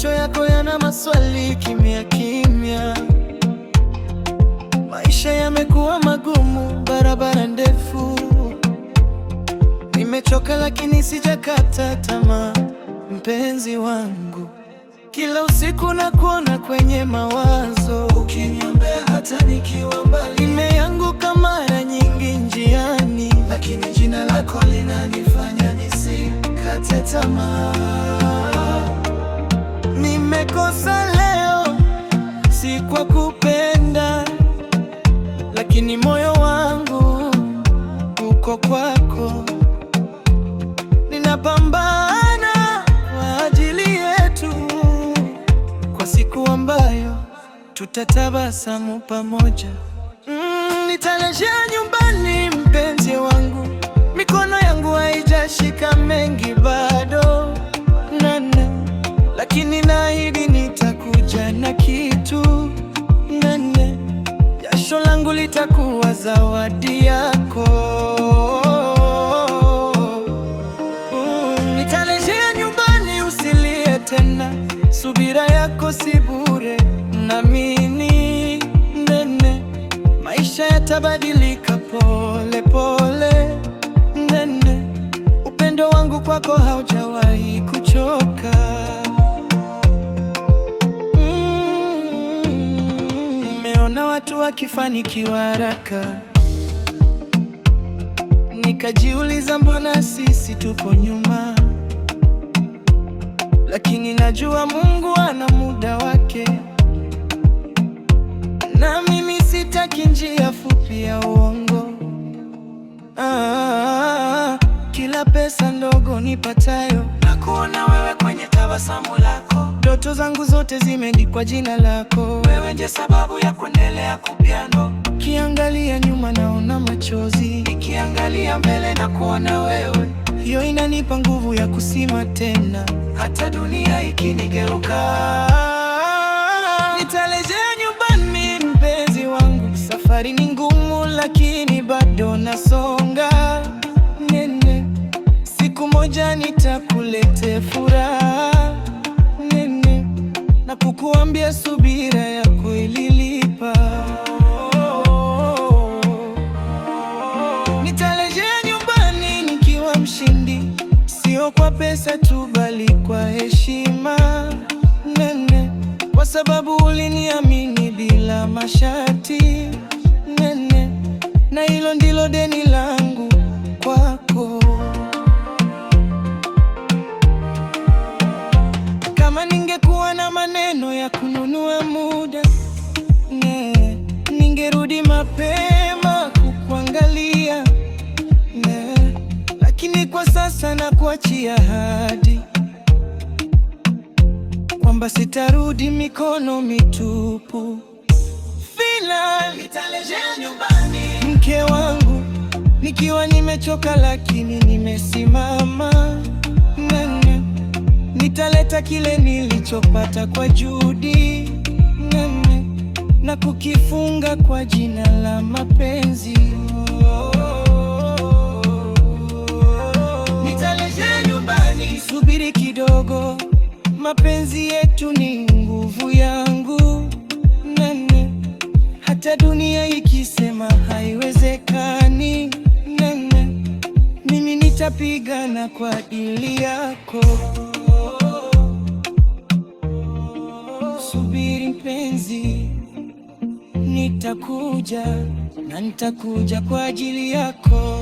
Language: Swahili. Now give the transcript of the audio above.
Macho yako yana maswali kimya kimya. Maisha yamekuwa magumu, barabara ndefu. Nimechoka lakini sijakata tamaa, mpenzi wangu. Kila usiku na kuona kwenye mawazo, ukiniombea hata nikiwa mbali. Nimeanguka mara nyingi njiani, lakini jina lako linanifanya nisikate tamaa nimekosa leo, si kwa kupenda, lakini moyo wangu uko kwako. Ninapambana kwa ajili yetu, kwa siku ambayo tutatabasamu pamoja. Mm, nitarejea nyumbani mpenzi wangu, mikono yangu haijashika mengi bado nana, lakini naahidi tu nene, jasho langu litakuwa zawadi yako. Mm, nitarejea nyumbani, usilie tena, subira yako si bure, namini nene, maisha yatabadilika pole pole nene, upendo wangu kwako haujawahi kuchoka. Niliona watu wakifanikiwa haraka, nikajiuliza mbona sisi tupo nyuma? Lakini najua Mungu ana muda wake, na mimi sitaki njia fupi ya uongo. Ah, kila pesa ndogo nipatayo na kuona wewe kwenye tabasamu lako Ndoto zangu zote zimeandikwa jina lako, wewe ndiye sababu ya kuendelea kupiano. Kiangalia nyuma naona machozi, ikiangalia mbele na kuona wewe, hiyo inanipa nguvu ya kusima tena, hata dunia ikinigeuka. Nitarejea nyumbani, mpenzi wangu, safari ni ngumu, lakini bado nasonga nene, siku moja nitakulete furaha na kukuambia subira yako ililipa. Nitarejea nyumbani nikiwa mshindi, sio kwa pesa tu kwa sasa na kuachia hadi kwamba sitarudi mikono mitupu. Fila nitarejea nyumbani, mke wangu, nikiwa nimechoka lakini nimesimama nene. Nitaleta kile nilichopata kwa juhudi nene, na kukifunga kwa jina la mapenzi. mapenzi yetu ni nguvu yangu nene, hata dunia ikisema haiwezekani nene, mimi nitapigana kwa ajili yako. Subiri mpenzi, nitakuja na nitakuja kwa ajili yako.